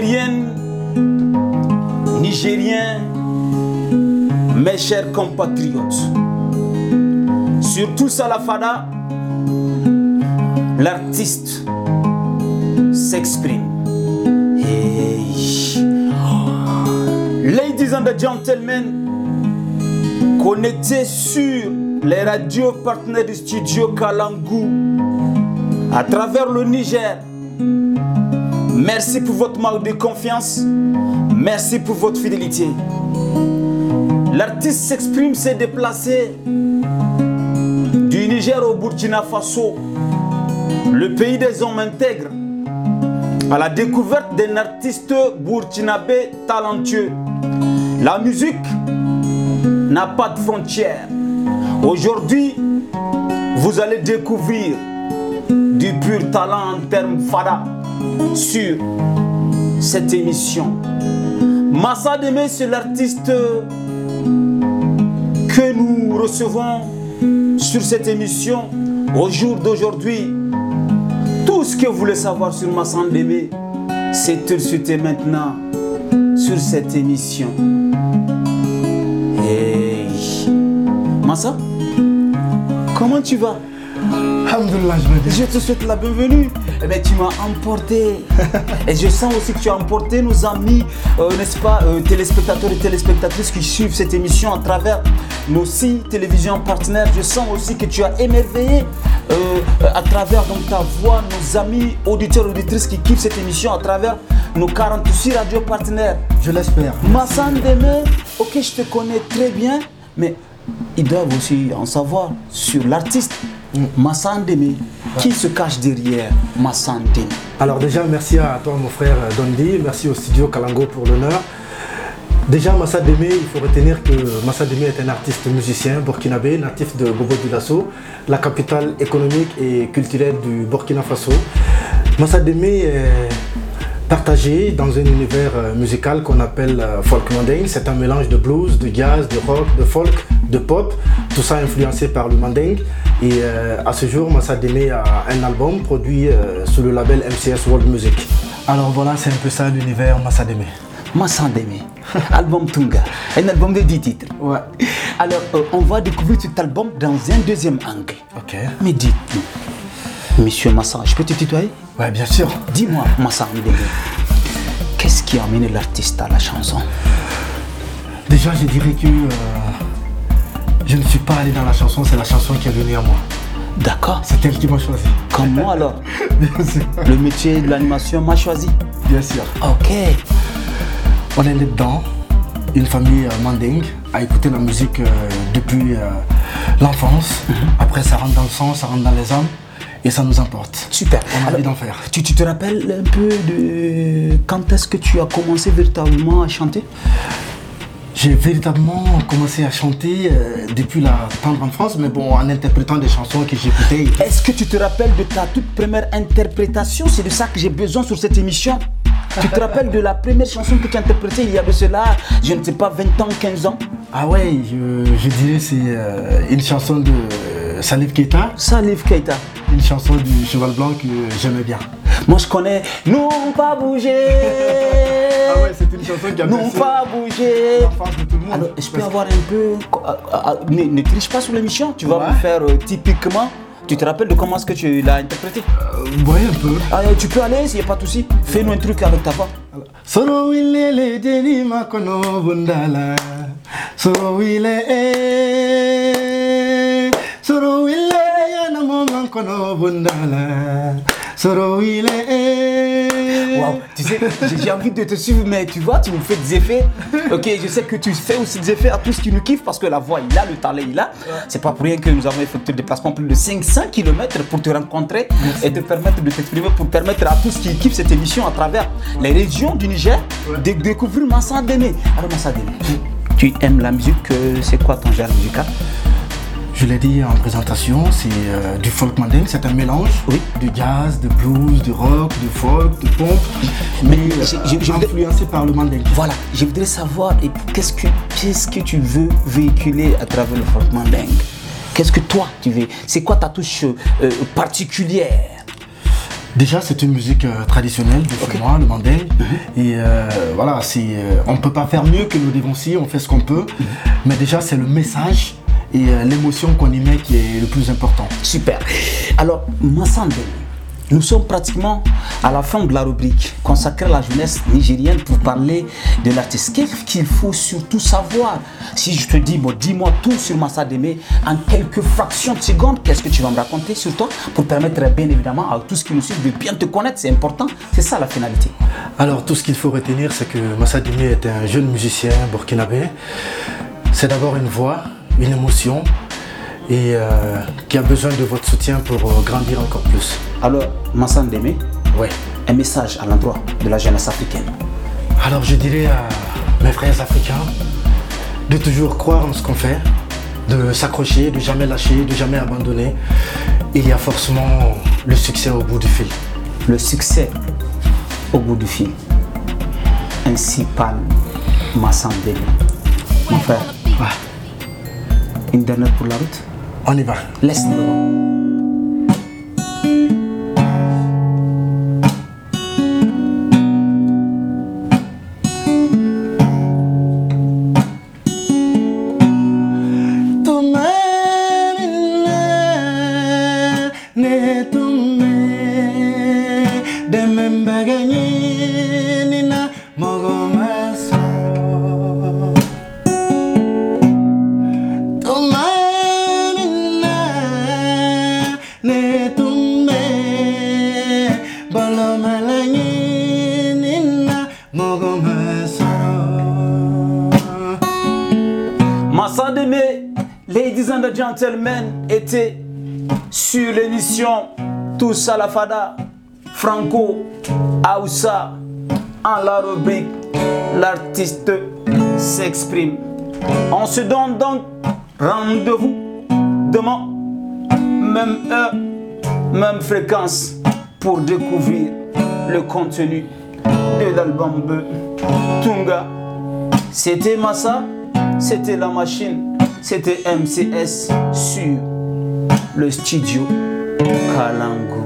Nigérien, Nigérien, mes chers compatriotes, surtout Salafada, l'artiste s'exprime. Ladies and gentlemen, connectez sur les radios partenaires du studio Kalangu à travers le Niger, Merci pour votre marque de confiance. Merci pour votre fidélité. L'artiste s'exprime, s'est déplacé du Niger au Burkina Faso, le pays des hommes intègres, à la découverte d'un artiste burkinabé talentueux. La musique n'a pas de frontières. Aujourd'hui, vous allez découvrir du pur talent en termes fada sur cette émission. Massa Deme, c'est l'artiste que nous recevons sur cette émission au jour d'aujourd'hui. Tout ce que vous voulez savoir sur Massa Deme, c'est tout de suite maintenant sur cette émission. Hey. Massa, comment tu vas je te souhaite la bienvenue. Mais eh ben, tu m'as emporté. et je sens aussi que tu as emporté nos amis, euh, n'est-ce pas, euh, téléspectateurs et téléspectatrices qui suivent cette émission à travers nos six télévisions partenaires. Je sens aussi que tu as émerveillé euh, à travers ta voix nos amis auditeurs et auditrices qui kiffent cette émission à travers nos 46 radios partenaires. Je l'espère. Massan Deme, ok, je te connais très bien, mais ils doivent aussi en savoir sur l'artiste ma qui se cache derrière ma Alors déjà, merci à toi mon frère Dondi, merci au studio Kalango pour l'honneur. Déjà, Massa il faut retenir que Massa est un artiste musicien burkinabé, natif de Bobo Dioulasso, la capitale économique et culturelle du Burkina Faso. Massa est partagé dans un univers musical qu'on appelle euh, folk mandingue. C'est un mélange de blues, de jazz, de rock, de folk, de pop, tout ça influencé par le mandingue. Et euh, à ce jour, Massa a un album produit euh, sous le label MCS World Music. Alors voilà, c'est un peu ça l'univers Massa Deme. album Tunga, un album de 10 titres. Ouais. Alors, euh, on va découvrir cet album dans un deuxième angle. Ok. Mais dites-nous, monsieur Massa, je peux te tutoyer Ouais, bien sûr. Dis-moi, Massa qu'est-ce qui a amené l'artiste à la chanson Déjà, je dirais que je ne suis pas allé dans la chanson, c'est la chanson qui est venue à moi. D'accord. C'est elle qui m'a choisi. Comme moi alors. Bien sûr. Le métier de l'animation m'a choisi. Bien sûr. Ok. On est dedans, une famille Manding euh, mandingue, à écouter la musique euh, depuis euh, l'enfance. Mhm. Après, ça rentre dans le sang, ça rentre dans les âmes. Et ça nous importe. Super. On a envie d'en faire. tu, te rappelles un peu de quand est-ce que tu as commencé véritablement à chanter j'ai véritablement commencé à chanter euh, depuis la tendre en France, mais bon, en interprétant des chansons que j'écoutais. Est-ce que tu te rappelles de ta toute première interprétation C'est de ça que j'ai besoin sur cette émission. tu te rappelles de la première chanson que tu as interprétée il y avait cela, je ne sais pas, 20 ans, 15 ans Ah ouais, je, dirais c'est euh, une chanson de euh, Salif Keita Salif Keita. Une chanson du Cheval Blanc que j'aimais bien. Moi je connais Non pas bouger Ah ouais, c'est une chanson qui a Non pas bouger Alors, je peux avoir un peu. Ah, ah, ah, ne, triche pas sur l'émission, tu vas me faire euh, typiquement. Tu te rappelles de comment est-ce que tu l'as interprété euh, Oui, un peu. tu peux aller, s'il n'y a pas de souci. Fais-nous un truc avec ta voix. Soro wile le deni wile tu sais, j'ai envie de te suivre, mais tu vois, tu nous fais des effets. Ok, je sais que tu fais aussi des effets à tous qui nous kiffent parce que la voix, il a, le talent, il a. C'est pas pour rien que nous avons effectué des déplacement plus de 500 km pour te rencontrer et te permettre de t'exprimer, pour permettre à tous qui kiffent cette émission à travers les régions du Niger de découvrir Massa Deme. Alors, Massa tu aimes la musique, euh, c'est quoi ton genre musical je l'ai dit en présentation, c'est euh, du folk manding, c'est un mélange de jazz, de blues, de rock, de folk, de pop, mais, je, euh, influencé par le manding. Voilà, je voudrais savoir qu'est-ce que, quest que tu veux véhiculer à travers le folk manding Qu'est-ce que toi tu veux C'est quoi ta touche euh, particulière Déjà, c'est une musique traditionnelle du le mhm. Et voilà, on ne peut pas faire mieux que nous devons si on fait ce qu'on peut. Mhm. Mais déjà, c'est le message et euh, l'émotion qu'on y met qui est le plus important. Super. Alors, Massandé, nous sommes pratiquement à la fin de la rubrique consacrée à la jeunesse nigérienne pour parler de l'artiste. Qu'est-ce qu'il faut surtout savoir Si je te dis, dis-moi tout sur Massa Deme en quelques fractions de secondes, qu'est-ce que tu vas me raconter sur toi pour permettre eh bien évidemment à tous qui nous suivent de bien te connaître C'est important, c'est ça la finalité. Alors tout ce qu'il faut retenir, c'est que Massa Deme est un jeune musicien burkinabé. C'est d'abord une voix, une émotion et euh, qui a besoin de votre soutien pour euh, grandir encore plus. Alors, Massan Deme, ouais. un message à l'endroit de la jeunesse africaine. Alors, je dirais à mes frères africains de toujours croire en ce qu'on fait, de s'accrocher, de jamais lâcher, de jamais abandonner. Il y a forcément le succès au bout du fil. Le succès au bout du fil. Ainsi parle Massan Deme. Mon frère. Internet pour la route On y va. Laisse nous Neto gentlemen était sur l'émission Tous à la Fada, Franco Aoussa, en la rubrique L'artiste s'exprime. On se donne donc rendez-vous demain, même heure, même fréquence, pour découvrir le contenu de l'album Tunga. C'était Massa, c'était la machine. C'était MCS sur le studio Kalango